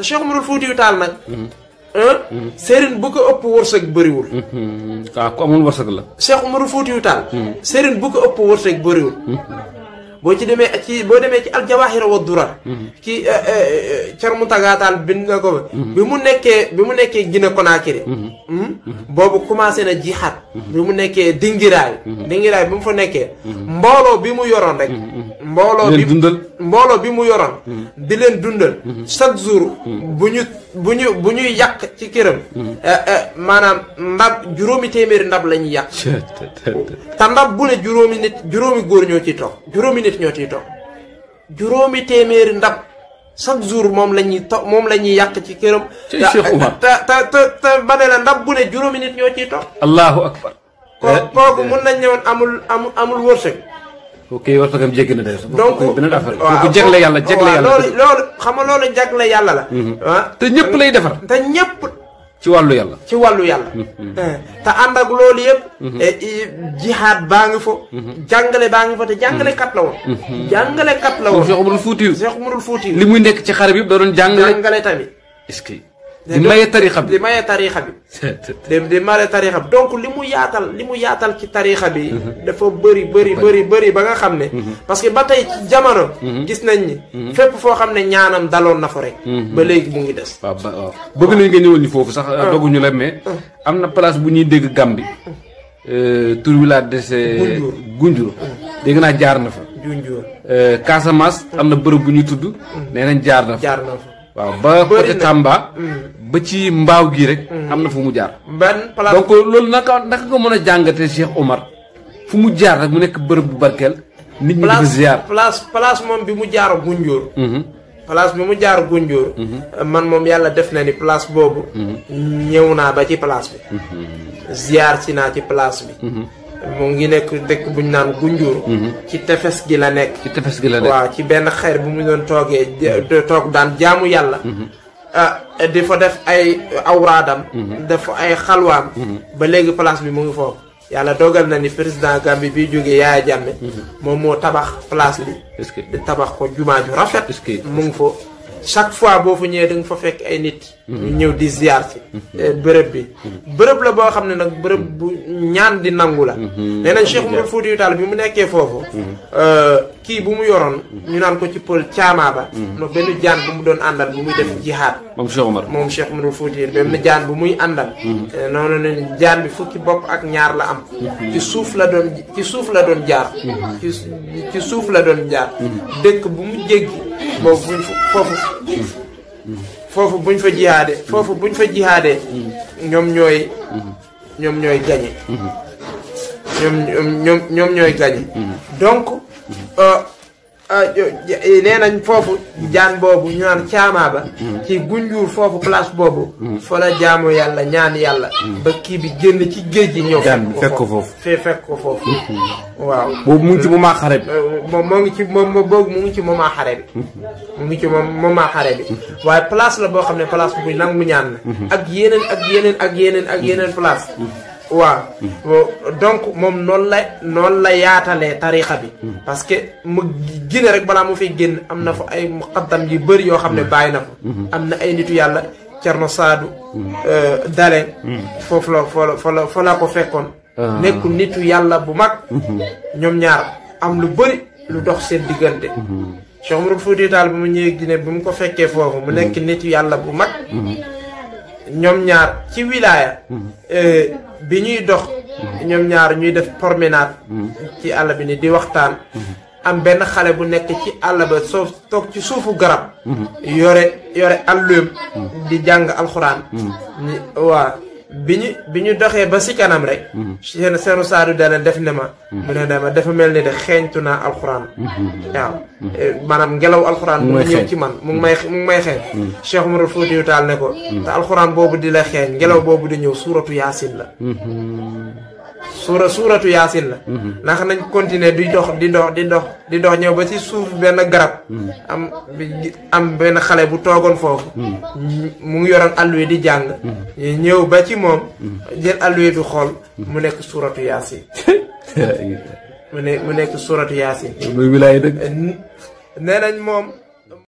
te Cheikh Oumar Foutiyou Tall nag. sëriñ bu ko ëpp wërsëg bëriwul. waaw ku amul wërsëg la. Cheikh Oumar Foutiyou Tall. sëriñ bu ko ëpp wërsëg bëriwul. boo ci demee ci boo demee ci aljawaahir wa durar mm-hmm. ci eh, eh, eh, carmu tagaataal bind na ko mm-hmm. bi mu nekkee bi mu nekkee Guinée Conakry mm-hmm. hmm? boobu commencé na jihaad bi mu nekkee dingiraay dingiraay bi mu fa nekkee mbooloo bi mu yoroon rek mbooloo bi mbooloo bi mu yoroon di leen dundal chaque jour bu ñu bu ñu bu ñuy yàq ci këram. Hmm. Eh, eh, maanaam ndab juróomi téeméeri ndab la ñuy yàq. te ndab bu ne juróomi nit juróomi góor ñoo ciy toog juróomi nit ñoo ciy toog juróomi téeméeri ndab chaque jour moom la ñuy to moom la ñuy yàq ci këram. te te te te ba ne la ndab bu ne juróomi nit ñoo ciy toog. allahu akbar. kooku mun nañ ne woon amul amul amul wërsëg. kii war na jéggi na de. donc beneen affaire donc jagle yàlla jagle yàlla. waaw loolu loolu xam nga loolu jagle yàlla la. Mhm. Ah. te ñëpp lay defar. te ñëpp. ci wàllu yàlla. ci wàllu yàlla. Mhm. Eh, te ànd ak loolu yëpp. Mhm. Eh, jihaad baa ngi fa. jàngale baa ngi fa te jàngale kat la woon. jàngale kat la woon. Cheikh Umarul Fuuti. Cheikh Umarul Fuuti. li muy nekk ci xare bi yëpp da doon jàngale. jàngale tamit est-ce que. di maye tarixa bi di maye tarixa bi. di di maye bi donc li mu yaatal li mu yaatal ci tarixa bi. Mhm. dafa bëri bëri bëri bëri ba nga xam ne. Mhm. parce que ba tey ci jamono. Mhm. gis nañ ni. fépp foo xam ne ñaanam daloon na fa rek. ba léegi mu ngi des. waaw waaw bëgg nañ nga ñëwal ñu foofu sax. Ah. doguñu la mais. Ah. am na place bu ñuy dégg Gàmbi. Ah. Euh, tur wi laa dese. Gunjur Gunjur. dégg naa jaar na fa. Gunjur. Euh, Casamance am na bërëb bu ñuy tudd. nee nañ jaar na fa. waaw ba côté Tamba. Mm. ba ci mbaaw gii rek. Mm. am na fu mu jaar. benn place donc loolu naka naka nga mën a jàngatee Cheikh Omar fu mu jaar rek mu nekk bërëb bu barkeel. nit ñi dafa ziar place place moom bi mu jaar Gunjoor. Mm-hmm. place bi mu jaar Gunjoor. Mm-hmm. man moom yàlla def na ni place boobu. Mm-hmm. ñëw naa ba ci place bi. ziar si naa ci place bi. mu ngi nekk dëkk bu ñu naan Gunjur. Mhm. ci tefes gi la nekk. ci tefes gi la waaw ci benn xeer bu mu doon toogee mhm. toog daan jaamu yàlla. Mhm. Ah, di fa def ay awraadam. def ay xalwaam. ba léegi place bi mu ngi foofu. yàlla dogal na ni président Gambie bi jógee Yaya Jammeh. moom moo tabax place bi. tabax ko jumaa ju rafet. mu ngi foo chaque fois boo fa ñëwee da nga fa fekk ay nit. ñëw di ziar si. Eh, bërëb bi bërëb la boo xam ne nag bërëb bu ñaan di nangu la. Mm-hmm. nee nañ Cheikh mm-hmm. Oumar Foutiyou Tall bi mu nekkee foofu. Mm-hmm. Euh, kii bu mu yoroon. ñu naan ko ci pël caamaa ba. Mm-hmm. no benn jaan bu mu doon àndal bu muy def jihaad. moom Cheikh Omar moom Cheikh Oumar Fouti benn jaan bu muy àndal. Mm-hmm. Eh, noonu ne jaan bi fukki bopp ak ñaar la am. Mm-hmm. ci suuf la doon suuf la doon jaar. ci suuf la doon jaar. dëkk bu mu jéggi. buñ fa foofu. foofu buñ fa jihaadee. foofu ñooy. ñoom ñooy gañe. ñoom ñoom ñoom ñooy gagné. donc euh, euh, nee nañ foofu jaan boobu ñaan caamaa ba. ci gunjuur foofu place boobu. fa la jaamu yàlla ñaan yàlla. ba kii bi génn ci géej gi ñëw. fekk ko foofu fee fekk ko foofu. waaw boobu mu ngi ci moment xare bi. Euh, moom moo ngi ci moom mu ngi ci moment xare bi. mu ngi ci moment xare bi. waaye place la boo xam ne place bu nangu ñaan la. Uhuh. ak yeneen ak yeneen ak yeneen ak yeneen place. waaw donc moom noonu la noonu la yaatalee tarixa bi hmm. parce que mu génne rek balaa mu fiy génn am na fa ay muqaddam yi bëri yoo xam ne hmm. bàyyi na ko hmm. am na ay nitu yàlla cer Cerno Saadu euh, Dale foofu la fa la fa la ko fekkoon ah. nekku nitu yàlla bu mag ñoom ñaar am lu bëri lu dox seen diggante Cheikh Oumar Foutiyou Tall bu mu ñëwee Guinée bu mu ko fekkee foofu mu nekk nitu yàlla bu mag ñoom ñaar ci wilaya. Euh, bi ñuy dox. ñoom ñaar ñuy def promenade. ci àll bi ni di waxtaan. am benn xale bu nekk ci àll ba soo toog ci suufu garab. Mm-hmm. yore yore àlluum. di jàng alxuraan. Mm-hmm. waa bi ñu bi ñu doxee ba si kanam rek. Mhm. seen seenu saadu dana def ne ma. Mhm. mu ne dama dafa mel ni de xeeñtu naa alxuraan. Mhm. waaw eh, maanaam ngelaw alxuraan. mu ngi ñëw ci man mu ngi may mu ngi may xeeñ. Cheikh Umar Foutiou Tall ne ko. te alxuraan boobu di la xeeñ ngelaw boobu di ñëw suuratu yaasin la. suura suuratu yaasin la mhm. ndax nañ continuer di dox di dox di dox di dox ñëw ba ci suuf benn garab mhm. am am benn xale bu toogoon foofu mhm. mu ngi yoroon alluwe di jàng ñëw ba ci moom jël alluwe bi xool mu nekk suuratu yaasin mu ne mu nekk suuratu yaasin nee nañ moom